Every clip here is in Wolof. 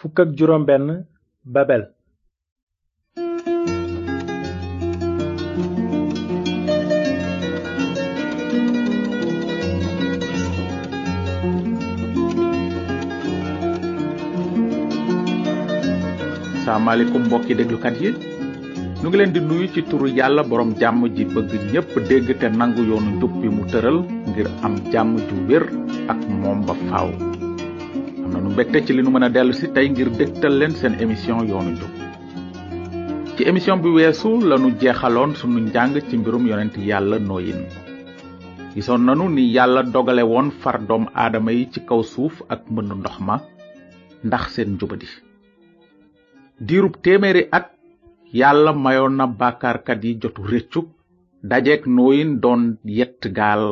Fukak ak juróom benn babel salaamaaleykum mbokki déglukat yi nu ngi leen di nuyu ci turu yàlla borom jàmm ji bëgg ñépp dégg te nangu yoonu njub mu tëral ngir am jàmm ju wér ak moom ba faaw nonu bete ci li nu mëna déllu ci tay ngir dégtal leen seen émission yoonu njub ci émission bi weesu lanu jéxalon suñu jàng ci mbirum yonent yalla noyin gisoon nanu ni yalla dogale won far doom aadama yi ci kaw suuf ak mbënd ndox ma ndax seen njubadi diirub téeméeri at yalla mayoon na kat yi jotu réccu dajeek noyin doon yett gaal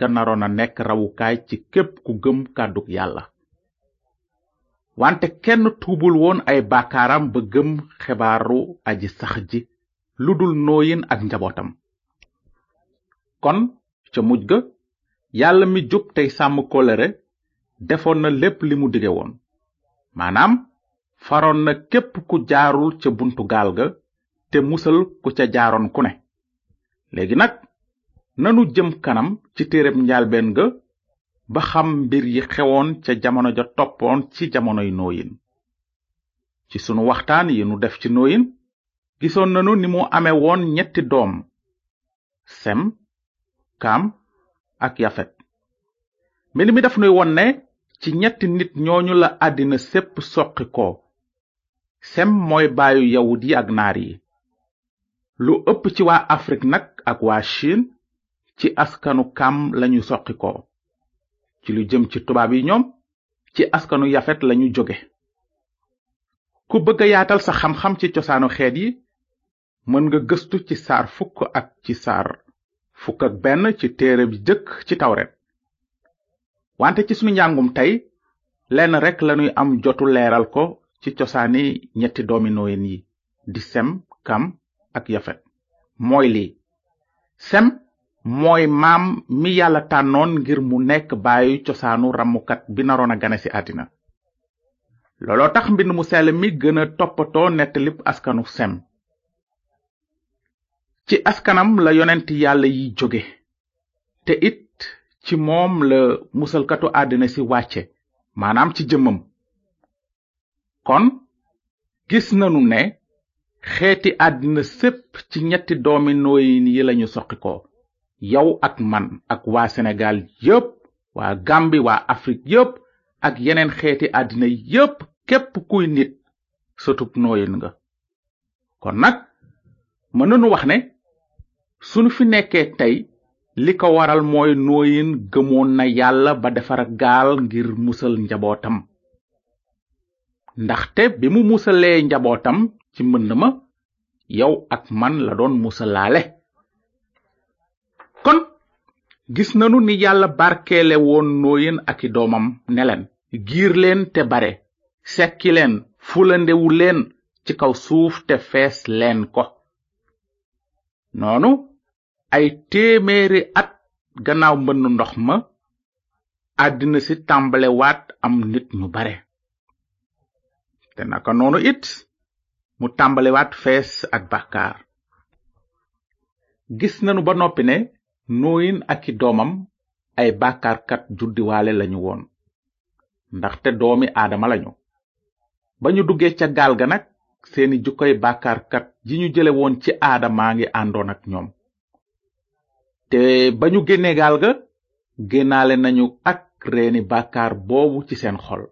ganaroon a nekk rawukaay ci képp ku gëm kàdduk yàlla wante kenn tuubul woon ay baakaaram ba gëm xibaaru aji sax ji lu dul nooyin ak njabootam kon ca mujj ga yàlla mi jub tey sàmm kóllëre defoon na lépp li mu dige woon maanaam faroon na képp ku jaarul ca buntu gaal ga te musal ku ca jaaroon ku ne léegi nag nanu jëm kanam ci téereb njaalbeen ga ba xam mbir yi xewoon ca jamono ja toppoon ci jamonoy nooyin ci sunu waxtaan yi nu def ci nooyin gisoon nanu ni mu amee woon ñetti doom sem kaam ak yafet mbind mi daf nuy won ci ñetti nit ñooñu la àddina sépp soqi sem mooy baayu yawut yi ak naar yi lu ëpp ci waa afrik nag ak waa chine ci askanu kaam lañu soqi ci lu jëm ci tubaab yi ñoom ci askanu yafet lañu jóge ku bëgg yaatal sa xam-xam ci cosaanu xeet yi mën nga gëstu ci saar fukk ak ci saar fukk ak benn ci téere bi jëkk ci tawret wante ci sunu njàngum tey lenn rekk lañuy am jotu leeral ko ci cosaani ñetti doomi nooyin yi di sem kam ak yafet mooy lii sem mooy maam mi yàlla tànnoon ngir mu nekk baayu cosaanu ramukat bi naroon a gane ci àddina looloo tax mbind mu sell mi gën a toppatoo nettalib askanu sem ci askanam la yonent yàlla yi jóge te it ci moom la musalkatu àddina si wàcce maanaam ci jëmmam kon gis nanu ne xeeti àddina sépp ci ñetti doomi nooyin yi lañu soqi yow ak man ak waa Sénégal yépp waa Gàmbi waa Afrique yépp ak yeneen xeeti àddina yépp képp kuy nit sëtub nooyin nga kon nag mën nanu wax ne sunu fi nekkee tey li ko waral mooy nooyin gëmoon na yàlla ba defar gaal ngir musal njabootam ndaxte bi mu musalee njabootam ci mbënd ma yow ak man la doon musalaale gis nanu ni yàlla barkeele woon nooyin ak doomam ne leen giir leen te bare sekki leen fulandewu leen ci kaw suuf te fees leen ko noonu ay téeméeri at gannaaw mbënn ndox ma àddina si tàmbale waat am nit ñu bare te naka noonu it mu tàmbale waat fees ak bàkkaar gis nanu ba noppi ne nooyin aki doomam ay bàkkaarkat jurdiwaale lañu woon ndaxte doomi aadama lañu ba ñu duggee ca gaal ga nag seeni jukkoy bàkkaarkat ji ñu jële woon ci aadamaa ngi àndoon ak ñoom te ba ñu génnee gaal ga génnaale nañu ak reeni bàkkaar boobu ci seen xol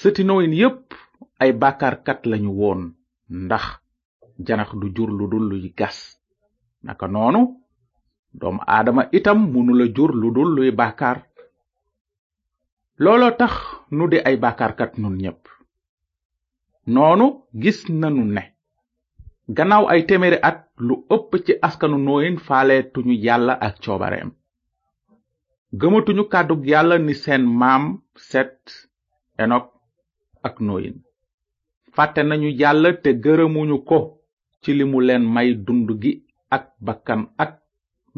sëti nooyin yépp ay bàkkaarkat lañu woon ndax janax du jur lu dul luy gas naka noonu doomu aadama itam mënula jur lu dul luy bàkkaar looloo tax nu di ay bàkkaarkat nun ñépp noonu gis nanu ne gannaaw ay téeméeri at lu ëpp ci askanu nooyin faaleetuñu yàlla ak coobareem gëmatuñu kàddug yàlla ni seen maam set enok ak nooyin fàtte nañu yàlla te gërëmuñu ko ci limu leen may dund gi ak bakkan ak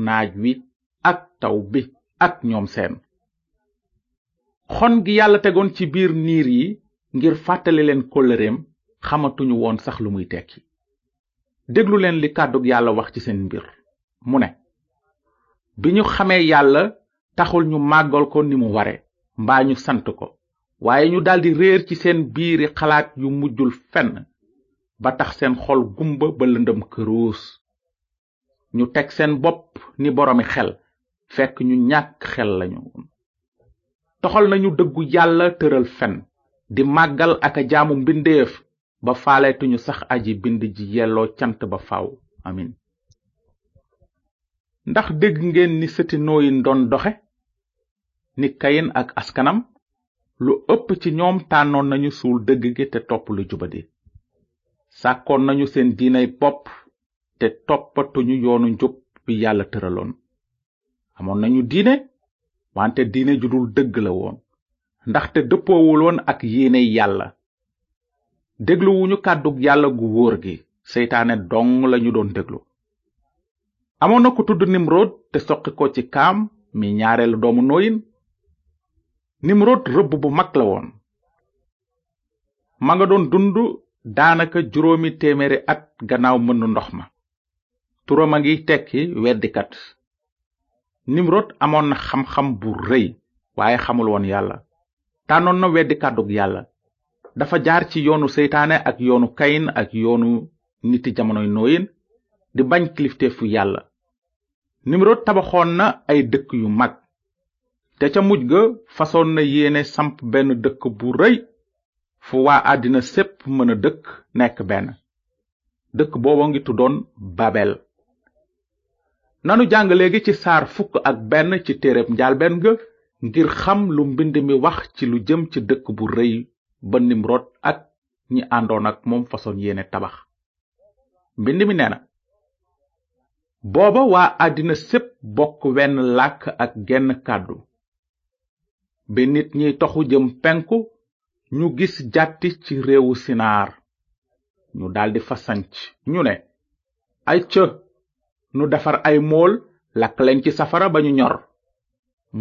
naaj wi ak taw bi ak ñoom seen xon gi yàlla tegoon ci biir niir yi ngir fàttali leen kóllëreem xamatuñu woon sax lu muy tekki déglu leen li kàddug yàlla wax ci seen mbir mu ne bi ñu xamee yàlla taxul ñu màggal ko ni mu ware mbaa ñu sant ko waaye ñu daldi réer ci seen biiri xalaat yu mujjul fenn ba tax seen xol gumba ba lëndëm këruus ñu teg seen bopp ni boroomi xel fekk ñu ñàkk xel lañu woon toxal nañu dëggu yàlla tëral fen di màggal ak a jaamu mbindeef ba faaleetuñu sax aji bind ji yelloo cant ba faw amin ndax dëgg ngeen ni sëti nooyin doon doxe ni kayin ak askanam lu ëpp ci ñoom tànnoon nañu suul dëgg gi te topp lu juba di sàkkoon nañu seen diinay bopp te toppatuñu yoonu njub yàlla tëraloon amoon nañu diine wante diine ju dul dëgg la woon ndaxte dëppoowul woon ak yéene yàlla dégluwuñu kàddug yàlla gu wóor gi seytaane dong lañu doon déglu amoon na ku tudd nimrod te soqi ko ci kaam mi ñaareelu doomu nooyin nimrod rëbb bu mag la woon ma nga doon dund daanaka juróomi téeméeri at gannaaw mëndu ndox ma turam a ngi tekki weddikat nimrod amoon na xam-xam bu rëy waaye xamul woon yàlla tànnoon na weddi kàddug yàlla dafa jaar ci yoonu seytaane ak yoonu kayin ak yoonu niti jamonoy nooyin di bañ fu yàlla nimrod tabaxoon na ay dëkk yu mag te ca mujj ga fasoon na yéene samp benn dëkk bu rëy fu àddina sépp mën a dëkk nekk benn dëkk booba ngi tuddoon babel nanu jàng léegi ci saar fukk ak benn ci téereb njaalbeen ga ngir xam lu mbind mi wax ci lu jëm ci dëkk bu rëy ba nimrod ak ñi àndoon ak moom façon yéene tabax mbind mi nee na booba waa àddina sépp bokk wenn làkk ak genn kàddu bi nit ñi toxu jëm penku ñu gis jàtti ci réewu sinaar ñu daldi fa sanc ñu ne ay cë nu defar ay mool lakk leen ci safara ba ñu ñor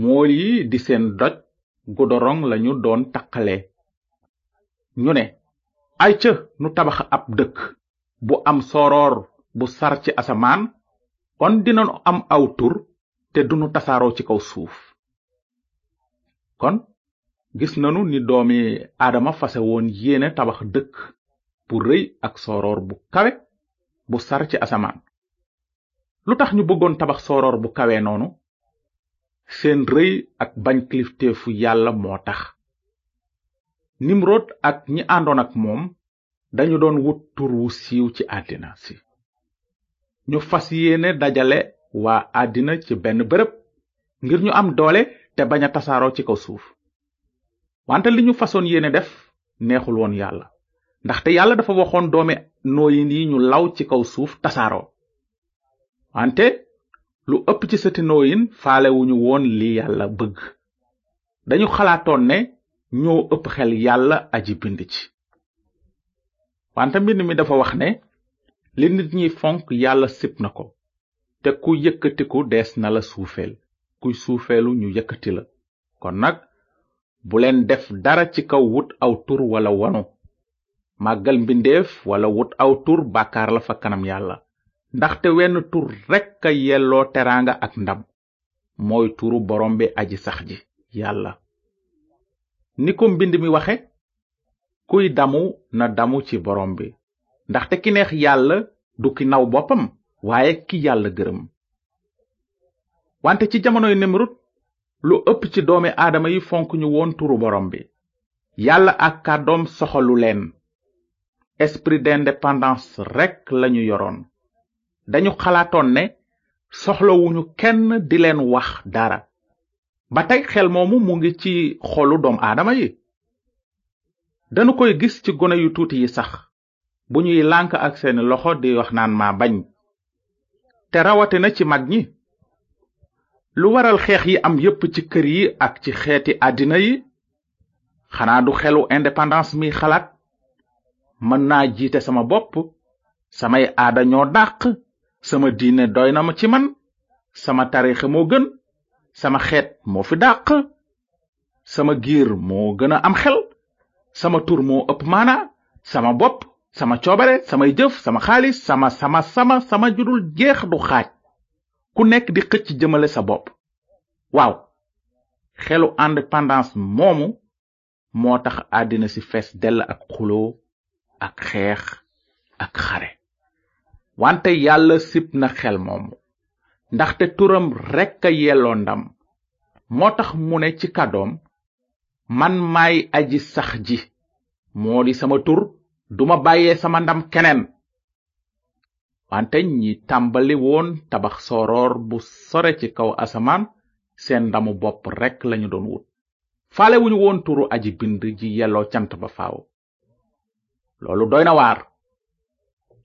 mool yi di seen doj gu doroŋ lañu doon taqale ñu ne ay ca nu tabax ab dëkk bu am soroor bu sar ci asamaan kon dinanu am aw tur te dunu tasaaroo ci kaw suuf kon gis nanu ni doomi aadama fase woon yéene tabax dëkk bu rëy ak soroor bu kawe bu sar ci asamaan lu tax ñu bëggoon tabax sooroor bu kawee noonu seen rëy ak bañ kilifteefu yàlla moo tax nimrod ak ñi àndoon ak moom dañu doon wut tur wu siiw ci àddina si ñu fas yéene dajale waa àddina ci benn bërëb ngir ñu am doole te bañ a tasaaroo ci kaw suuf wante li ñu fasoon yéene def neexul woon yàlla ndaxte yàlla dafa waxoon doomi nooyin yi ñu law ci kaw suuf tasaaroo wante lu ëpp ci sëti nooyin faalewuñu woon li yàlla bëgg dañu xalaatoon ne ñoo ëpp xel yàlla aji bind ci wante mbind mi dafa wax ne li nit ñi fonk yàlla sip na ko te ku yëkkatiku dees na la suufeel kuy suufeelu ñu yëkkati la kon nag bu leen def dara ci kaw wut aw tur walla wanu màggal mbindeef wala wut aw tur bàkkaar la fa kanam yàlla ndaxte wenn tur rekk a yelloo teraanga ak ndam mooy turu borom bi aji sax ji yàlla ni ko mbind mi waxe kuy damu na damu ci boroom bi ndaxte ki neex yàlla du ki naw boppam waaye ki yàlla gërëm wante ci jamonoy nimrut lu ëpp ci doomi aadama yi fonk ñu woon turu boroom bi yàlla ak kàddoom soxalu leen esprit d'indépendance rekk lañu yoroon dañu xalaatoon ne soxlawuñu kenn di leen wax dara ba tey xel moomu mu ngi ci xolu doom aadama yi dañu koy gis ci gone yu tuuti yi sax bu ñuy lànk ak seeni loxo di wax naan ma bañ te rawatina ci mag ñi lu waral xeex yi am yépp ci kër yi ak ci xeeti àddina yi xanaa du xelu independance mi xalaat mën naa jiite sama bopp samay aada ñoo dàq sama diine doy na ma ci man sama tarikh moo gën sama xeet moo fi dàq sama giir moo gën am xel sama tur moo ëpp maana sama bopp sama coobare samay jëf sama xaalis sama sama sama sama judul jeex du xaaj ku nekk di xëcc jëmale sa bopp waaw xelu indépendance moomu moo tax àddina si fees dell ak xuloo ak xeex ak xare wante yalla sip na xel moomu ndaxte turam rek ka yelloo ndam motax tax ci kadom man may aji sax ji modi sama tur duma baye sama ndam kenen wante ñi tambali won tabax soror bu sore ci kaw asaman sen ndamu bop rek lañu doon wut faale wuñu won turu aji bind ji yelloo cant ba faaw lolu doyna war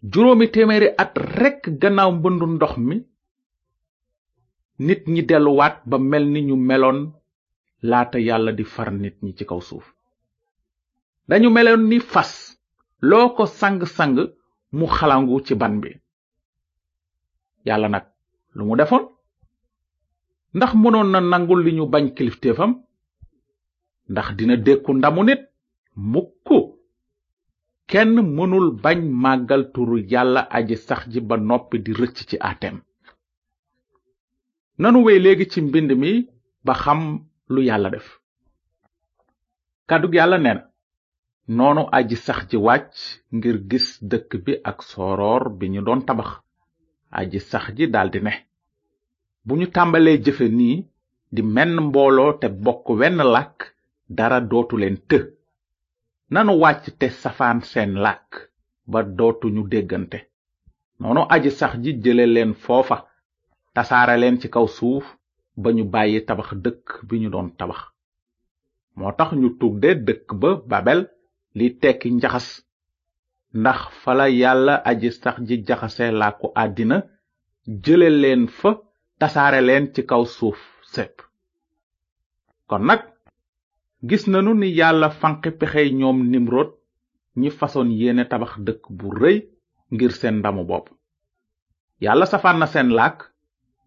juróomi téeméeri at rekk gannaaw mbëndu ndox mi nit ñi delluwaat ba mel ni ñu meloon laata yàlla di far nit ñi ci kaw suuf dañu meloon ni fas loo ko sang-sang mu xalangu ci ban bi yàlla nag lu mu defoon ndax mënoon na nangu li ñu bañ kilifteefam ndax dina dékku ndamu nit mukk kenn mënul bañ màggal yàlla aji sax ji ba noppi di rëcc ci atem nanu wey léegi ci mbind mi ba xam lu yàlla def kàddug yàlla nee noonu aji sax ji wàcc ngir gis dëkk bi ak soroor bi ñu doon tabax aji sax ji daldi ne bu ñu tàmbalee jëfe nii di menn mbooloo te bokk wenn làkk dara dootu leen të nanu wàcc te safaan seen làkk ba dootuñu déggante noonu aji sax ji jële leen foofa tasaare leen ci kaw suuf ba ñu bàyyi tabax dëkk bi ñu doon tabax moo tax ñu de dëkk ba babel li tekki njaxas ndax fala yàlla aji sax ji jaxase làkku àddina jële leen fa tasaare leen ci kaw suuf sépp kon nag gis nanu ni yàlla fanqi pexey ñoom nimrod ñi fasoon yéene tabax dëkk bu rëy ngir seen ndamu bopp yàlla safaan na seen làkk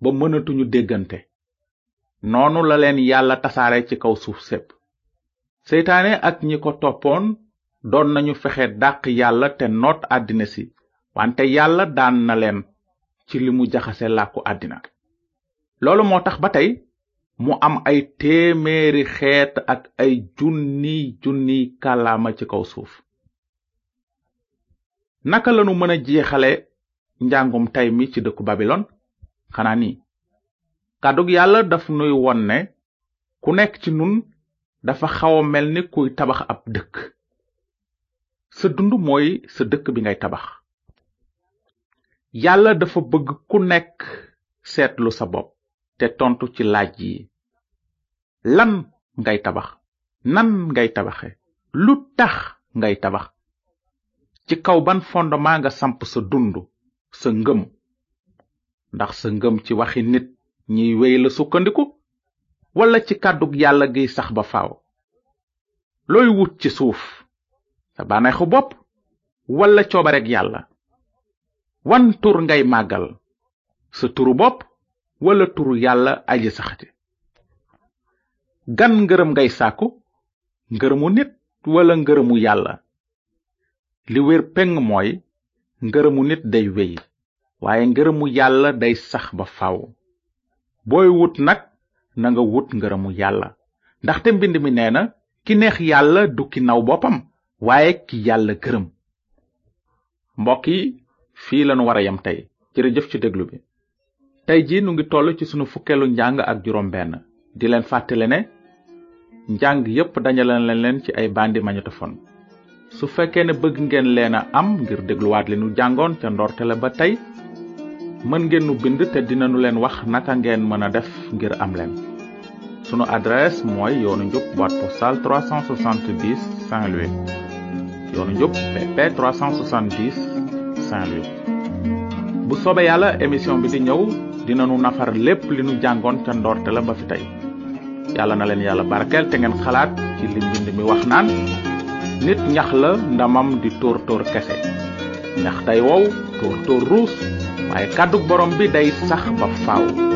ba mënatuñu déggante noonu la leen yàlla tasaare ci kaw suuf sépp seytaane ak ñi ko toppoon doon nañu fexe dàq yàlla te noot àddina si wante yàlla daan na leen ci li mu jaxase làkku àddina loolu moo tax ba tey mu am ay téeméeri xeet ak ay junniy junniy kàllaama ci kaw suuf naka lanu mën a jeexale njàngum tay mi ci dëkku babilon xanaa ni kàddug yàlla daf nuy won ne ku nekk ci nun dafa xaw a mel ni kuy tabax ab dëkk sa dund mooy sa dëkk bi ngay tabax yàlla dafa bëgg ku nekk seetlu sa bopp te tontu ci laaj yi lan ngay tabax nan ngay tabaxe lu tax ngay tabax ci kaw ban fondement nga samp sa dund sa ngëm ndax sa ngëm ci waxi nit ñiy wéy la sukkandiku wala ci kàddug yàlla gi sax ba faaw looy wut ci suuf sa bopp wala coobareg yàlla wan tur ngay màggal sa turu bopp wala turu yalla aji saxate gan ngërëm ngay sàkku ngërëmu nit wala ngërëmu yalla li wér peng mooy ngërëmu nit day wéy waaye ngërëmu yàlla day sax ba wut nak, na nga wut ngërëmu yàlla ndaxte mbind mi nee na ki neex yàlla du ki naw bopam waaye ki yalla gërëm mbokk yi fii wara yam tey ci bi tey ji nu ngi toll ci sunu fukkelu njàng ak juróom benn di leen fàttale ne njàng yépp dañalan leen leen ci ay bandi magnétophone su fekkee ne bëgg ngeen leen a am ngir dégluwaat li nu jàngoon ca ndortele ba tey mën ngeen nu bind te dinanu leen wax naka ngeen mën a def ngir am leen sunu adresse mooy yoonu njub boîte postale 370 saint louis yoonu njub pp 370 saint louis bu soobee yàlla émission bi di ñëw dina nu nafar lepp li nu jangon ca ndoorte la ba fi tay yalla na leen yalla barkel te ngeen xalaat ci li mi wax naan nit ñax la ndamam di tor tor kese ndax tay wow tur tor rus waye kaddu borom bi day sax ba faaw